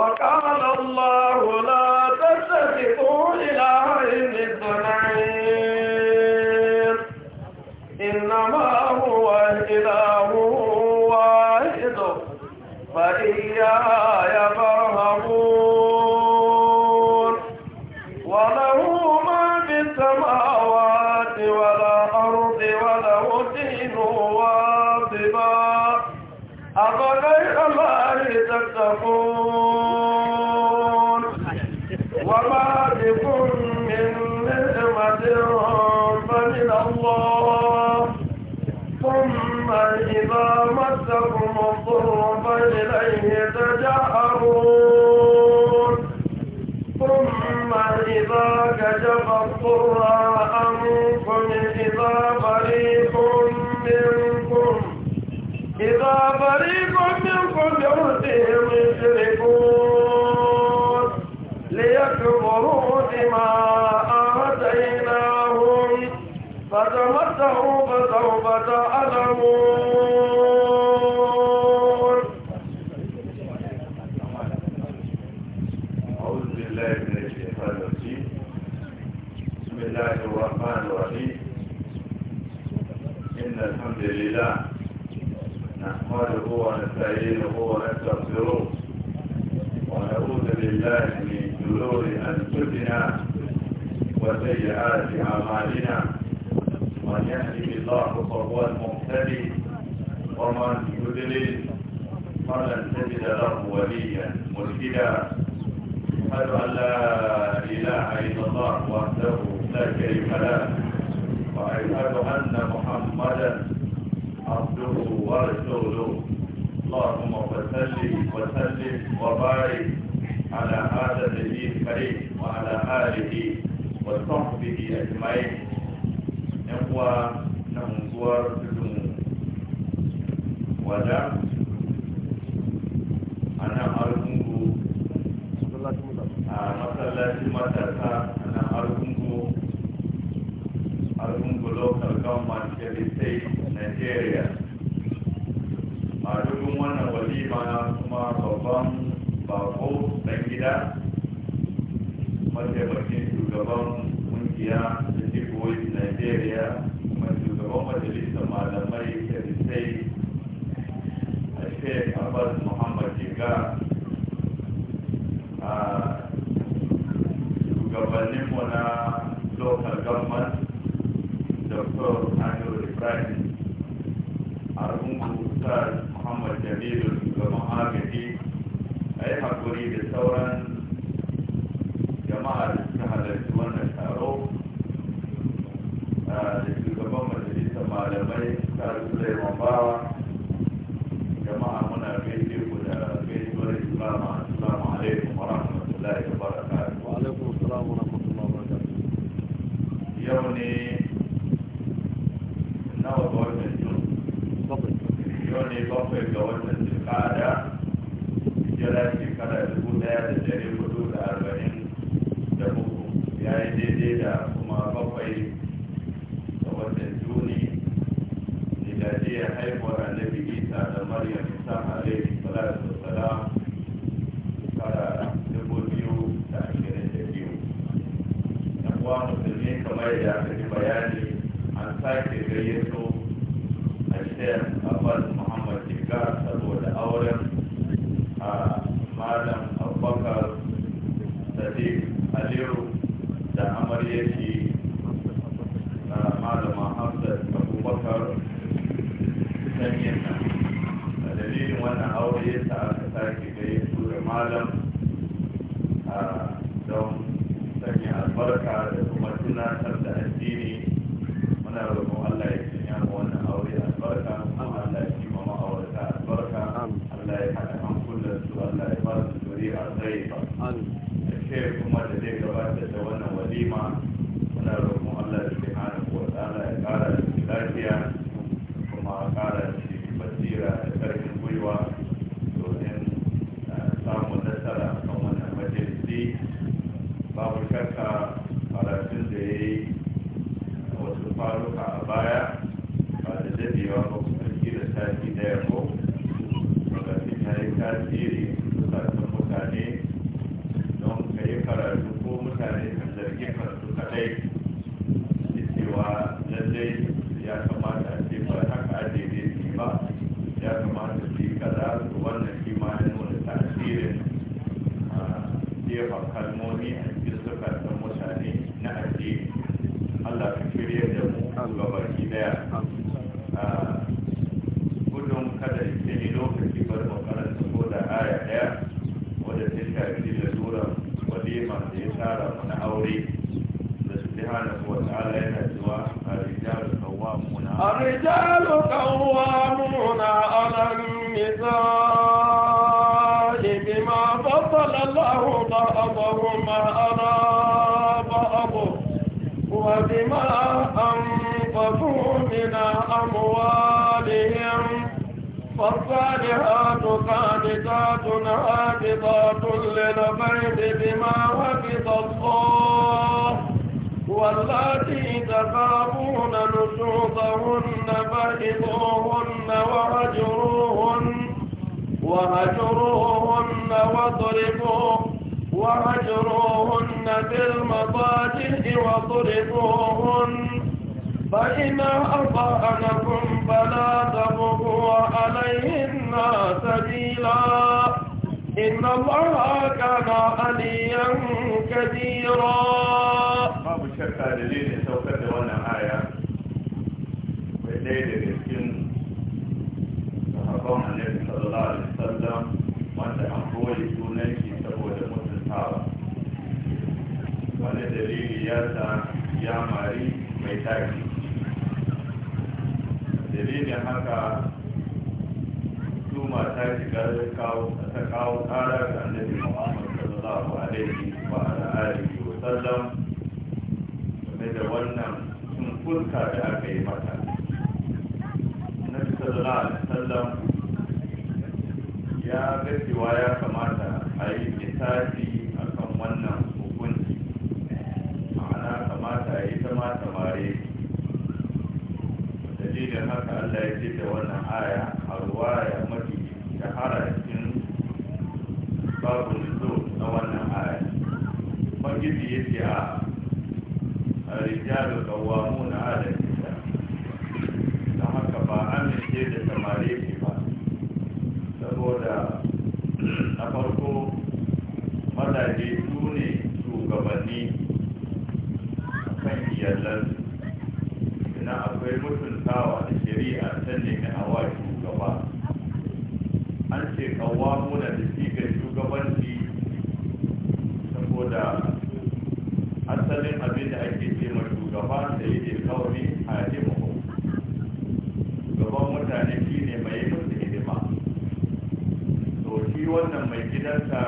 work out. مسكم الضر فإليه تجأرون ثم إذا كشف الضر أنكم إذا فريق منكم إذا فريق منكم برسهم يشركون ليكفروا بما آتيناهم فتمتعوا فسوف تعلمون ولن تجد له وليا مرشدا أشهد أن لا إله إلا الله وحده لا شريك له وأشهد أن محمدا عبده ورسوله اللهم صل وسلم وبارك على هذا النبي الكريم وعلى آله وصحبه أجمعين إخوة نمزور بدون ودعم masallacin matasa na argungu argungu local government kebbi state nigeria madubin wannan walima kuma babban bako dan gida mataimakin shugaban kungiya da jigoyi nigeria dr hamidu ibrahim a rungu ustaz muhammad jamilu shugaban agaji a yi hakuri da sauran ne bakwai ga watan jikada hijira shekara dubu da dari hudu da arba'in da uku ya yi daidai da فضل الله بعضهم على بعضه وبما أنفقوا من أموالهم فالصالحات قانتات عابدات للبيت بما حفظ الله واللاتي تخافون نشوطهن فإذوهن وهجروهن وهجروهن فاضربوهن واضربوا وهجروهن بالمضاجع واضربوهن فإن أطعنكم فلا تبغوا عليهن سبيلا إن الله كان عليا كبيرا باب الشركة da سوف saukar da wannan aya bai ɗaya صلى الله عليه wani dalili ya sa ya mari mai taki dalilin haka su mata shiga ta kawo tsara ga annabi muhammad sallallahu alaihi wa alihi wa sallam game da wannan sun fuska da aka yi mata annabi sallallahu alaihi wa sallam ya ga ya kamata a yi misali saboda asalin abin da ake ce ma shugaba da ya ke kawai a jimahu gaban mutane shi ne mai yi musu hidima to shi wannan mai gidansa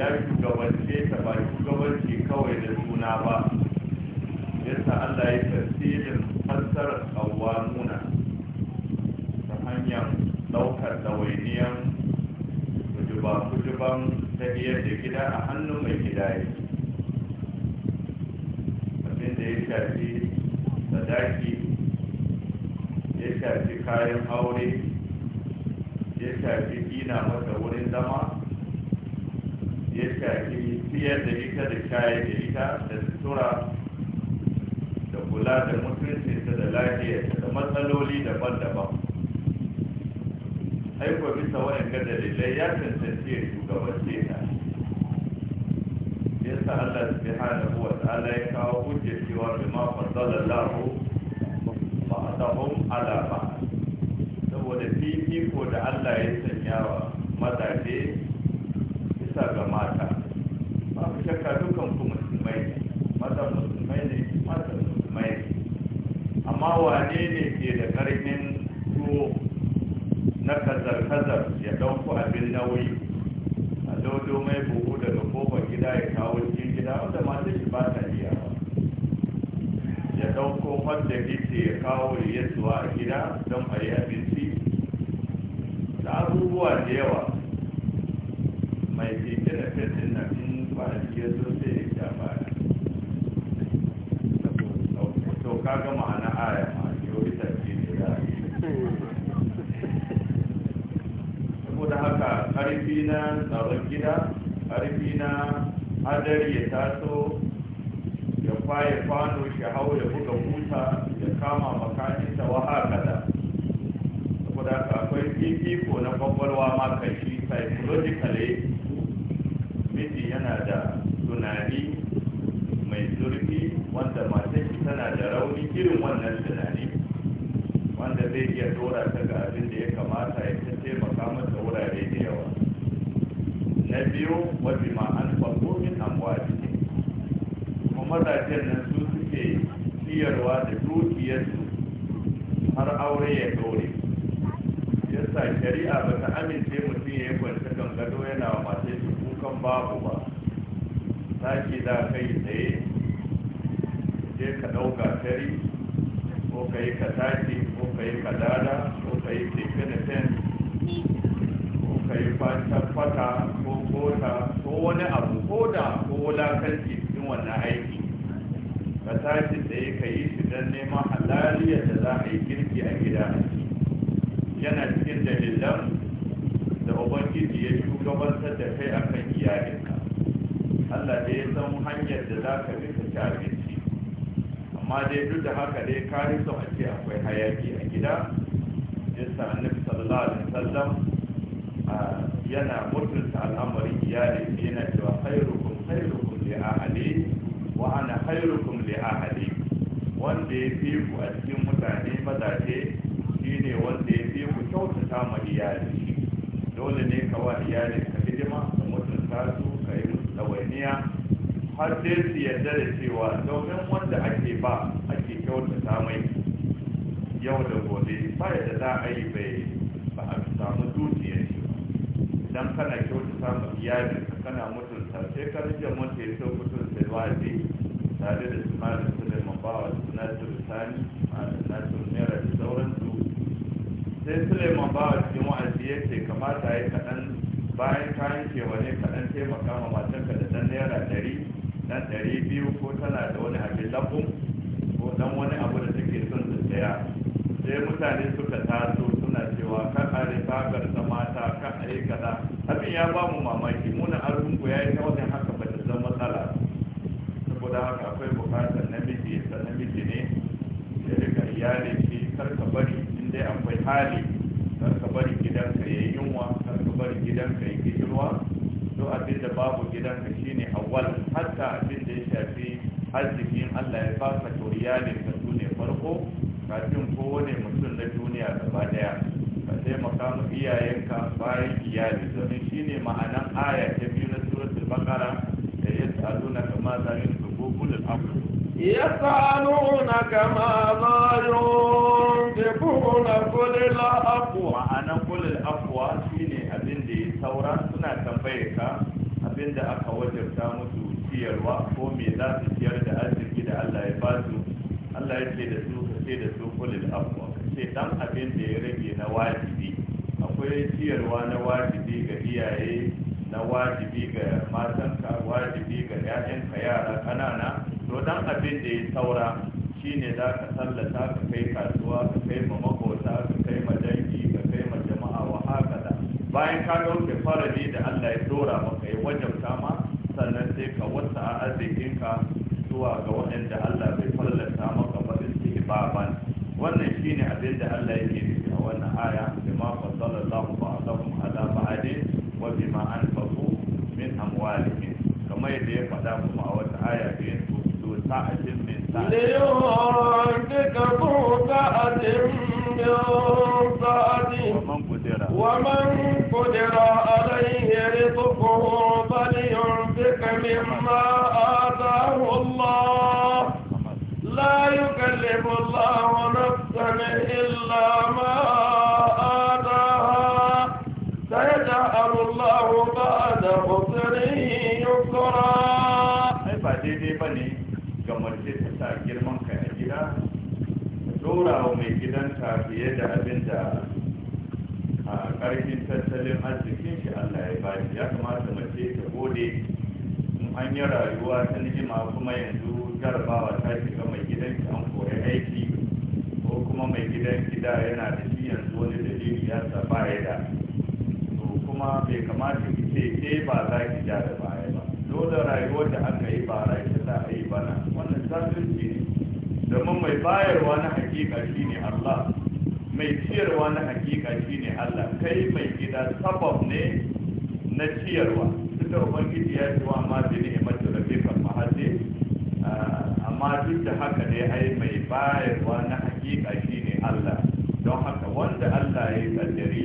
ya shugabance ta ba shugabanci kawai da suna ba yasa allah ya tasirin fassarar kawamu dukiyar da gida a hannun mai gida yake abin da ya shafi sadaki ya shafi kayan aure ya shafi gina masa wurin zama ya shafi siyar da ita da shayar da ita da sutura da kula da mutuncinsa da lafiya da matsaloli daban-daban aiko bisa waɗanda dalilai ya cancanci ya shugabance yasa Allah subhanahu wa ta'ala ya kawo hujjar cewa bima faddala Allahu ba'dahum ala ba mai keke da fetin na in kwanaki ya zo sai ya sha baya to kaga ma'ana aya ma yau ita ce ne ya saboda haka harfi na tsaron gida harfi na hadari ya taso ya kwaye kwano shi hau ya buga buta ya kama makaninsa wa haka da saboda haka akwai fifiko na kwakwalwa makashi psychologically yana da tunani mai zurfi wanda matar tana da rauni irin wannan tunani wanda zai iya dora ta ga abin da ya kamata ya ta taimaka mata wurare da yawa na biyu wabi ma'an an amwaji ne kuma mazajen nan su suke ciyarwa da dukiyarsu har aure ya dore yasa shari'a ba ta amince mutum ya yi kwanci kan gado yana wa kukan babu ba taki ko ka yi kadada ko ka yi ko ka yi fata ko kota ko wani abu ko da ko wulakanci cikin wannan aiki ka tashi ya ka yi shi don neman halaliyar da za a yi girki a gida yana cikin dalilan da ubangiji ya shugabantar da kai akan iyalinka Allah da ya san hanyar da za ka bi ka ci amma dai duk da haka dai kare su ake akwai hayaki a gida yasa annabi sallallahu alaihi wasallam yana mutunta al'amari iyali yana cewa khairukum khairukum li ahli wa ana khairukum li ahli wanda ya fi ku a cikin mutane mazaje shine wanda ya fi ku kyautata ma iyali dole ne ka wa iyali ka hidima ka mutunta su ka yi musu dawainiya har sai su yarda da cewa domin wanda ake ba ake kyautata mai yau da gobe ba da za a yi bai ba a samu dukiyar shi idan kana kyautata mai iyalin ka kana mutunta sai ka rike mutu ya sau mutum sai waje tare da su malam mabawa bawa su nasiru sani suna nasiru naira da sauransu sai suleiman mabawa cikin wa'azi ya ce kamata ya kaɗan bayan kayan kewane ne kaɗan taimaka ma matanka da ɗan naira ɗari na ɗari biyu ko tana da wani abin lafun ko dan wani abu da take son su saya sai mutane suka taso suna cewa ka kare kakar ta mata ka kare kaza abin ya ba mu mamaki muna arzungu ya yi ta wajen haka ba ta zama matsala saboda haka akwai bukatar namiji ya namiji ne ya rika iyali shi kar bari in akwai hali kar bari gidanka ka yi yunwa kar ka bari gidanka ka yi duk abin da babu ka shine awwal hatta abin da ya shafi arzikin Allah ya baka to iyalin ka su ne farko kafin kowane mutum na duniya gaba daya ka taimaka makamu iyayenka bayan iyali domin shine ma'anan aya ta biyu na suratul baqara da yas'aluna kama za yunfiqun al-amr يسألونك ماذا ينفقون قل الأقوى أنا قل shine abin da ya saura. tambaye ka abinda aka wajarta musu ciyarwa ko me za su ciyar da arziki da Allah ya ba su Allah ya ce da su ka ce da su kulil ce dan abin da ya rage na wajibi akwai ciyarwa na wajibi ga iyaye na wajibi ga matanka wajibi ga 'ya'yanka yara ƙanana to dan abin da ya saura shine za ka sallata ka kai kasuwa ka kai ma makota ka kai ma bayan ka dauke farali da Allah ya dora maka ya wajabta ma sannan sai ka wasa a arzikinka zuwa ga waɗanda Allah bai fallanta maka ba istihbaban wannan shine abin da Allah yake nufi a wannan aya bima faddala Allahu ba'dahum ala ba'din wa bima anfaqu min amwalihim kamar yadda ya faɗa kuma a wata aya da ya so sa'atin min ka liyu'tika tu'atin min مما آتاه الله لا يكلف الله hanyar rayuwa ta nijima kuma yanzu jarabawa ta shiga mai gidan an koya aiki ko kuma mai gidan gida yana da shi yanzu wani dalili ya sa ya da to kuma bai kamata ki ce ke eh, ba za ki ja da baya ba dole rayuwar da aka yi ba rai ta za a yi bana wannan zafinci ne domin mai bayarwa na hakika ne Allah mai ciyarwa na hakika ne Allah kai mai gida sabab ne na ciyarwa tunda ubangiji ya ce wa amma bi ni'imatu rabbika mahaji, ah, amma duk da haka ne ai mai bayarwa na hakika shine Allah don haka wanda Allah ya yi kaddari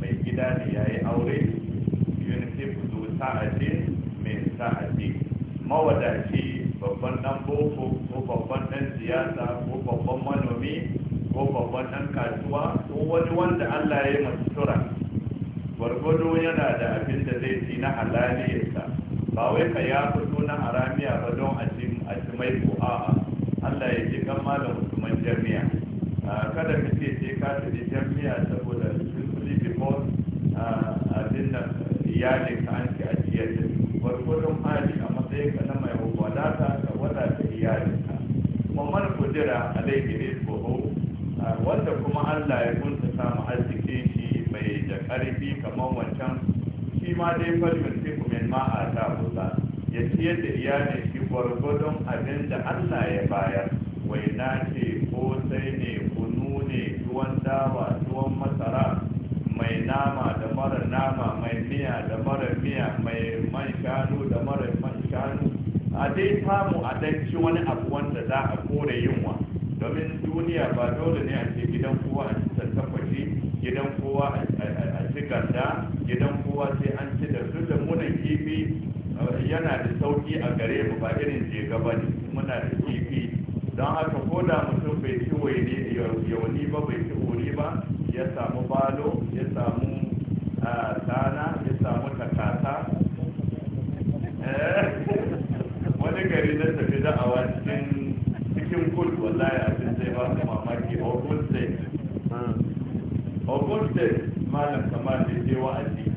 mai gida ne ya yi aure unicef zo sa'adi mai sa'adi mawadaci babban dan boko ko babban dan siyasa ko babban manomi ko babban dan kasuwa ko wani wanda Allah ya yi masu tura gwargwado yana da abin da zai ci na halaliyarsa ba wai ka ya fito na haramiya ba don a ci mai ko a'a Allah ya ji kan malam musulman jami'a ah, kada ka ce sai ka tafi jami'a saboda simply because ah, abin da iyalin ka an ci ajiyar da gwargwadon hali a matsayin ka na mai wadata ka wadata iyalin ka kuma man kudira alaihi rizquhu ah, wanda kuma Allah ya kunta samu wancan shi ma dai falmin tiku ma a ta kusa ya ciyar da ne shi gwargwadon abin da allah ya bayar Wai na ce ko sai ne kunu ne tuwon dawa tuwon masara mai nama da mara nama mai miya da mara miya mai man shanu da mara man shanu a dai samu a dan wani abu wanda za a kore yunwa domin duniya ba dole ne a ce gidan kowa a cikin tabbaci gidan kowa a ci ganda gidan kowa sai an ci da su da munan kifi eh, yana da sauki a gare mu ba irin je gaba ne muna da kifi don haka ko da mutum bai ci waini yauni ba bai ci ori ba ya samu balo ya samu eh, tsana ya samu takata eh, wani gari na tafi da'awa cikin cikin kul wallahi abin zai ba su mamaki a sai augustus malam kamar da wa'azi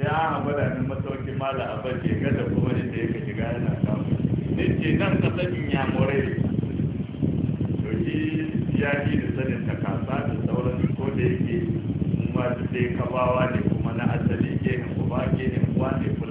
sai an da ni masaukin malam a bace gada kuma ya yake shiga yana samu ne ce nan ya more to shi ya da sanin takasa da sauran ko da yake kuma da kabawa ne kuma na asali ke ne kuma ke ne kuma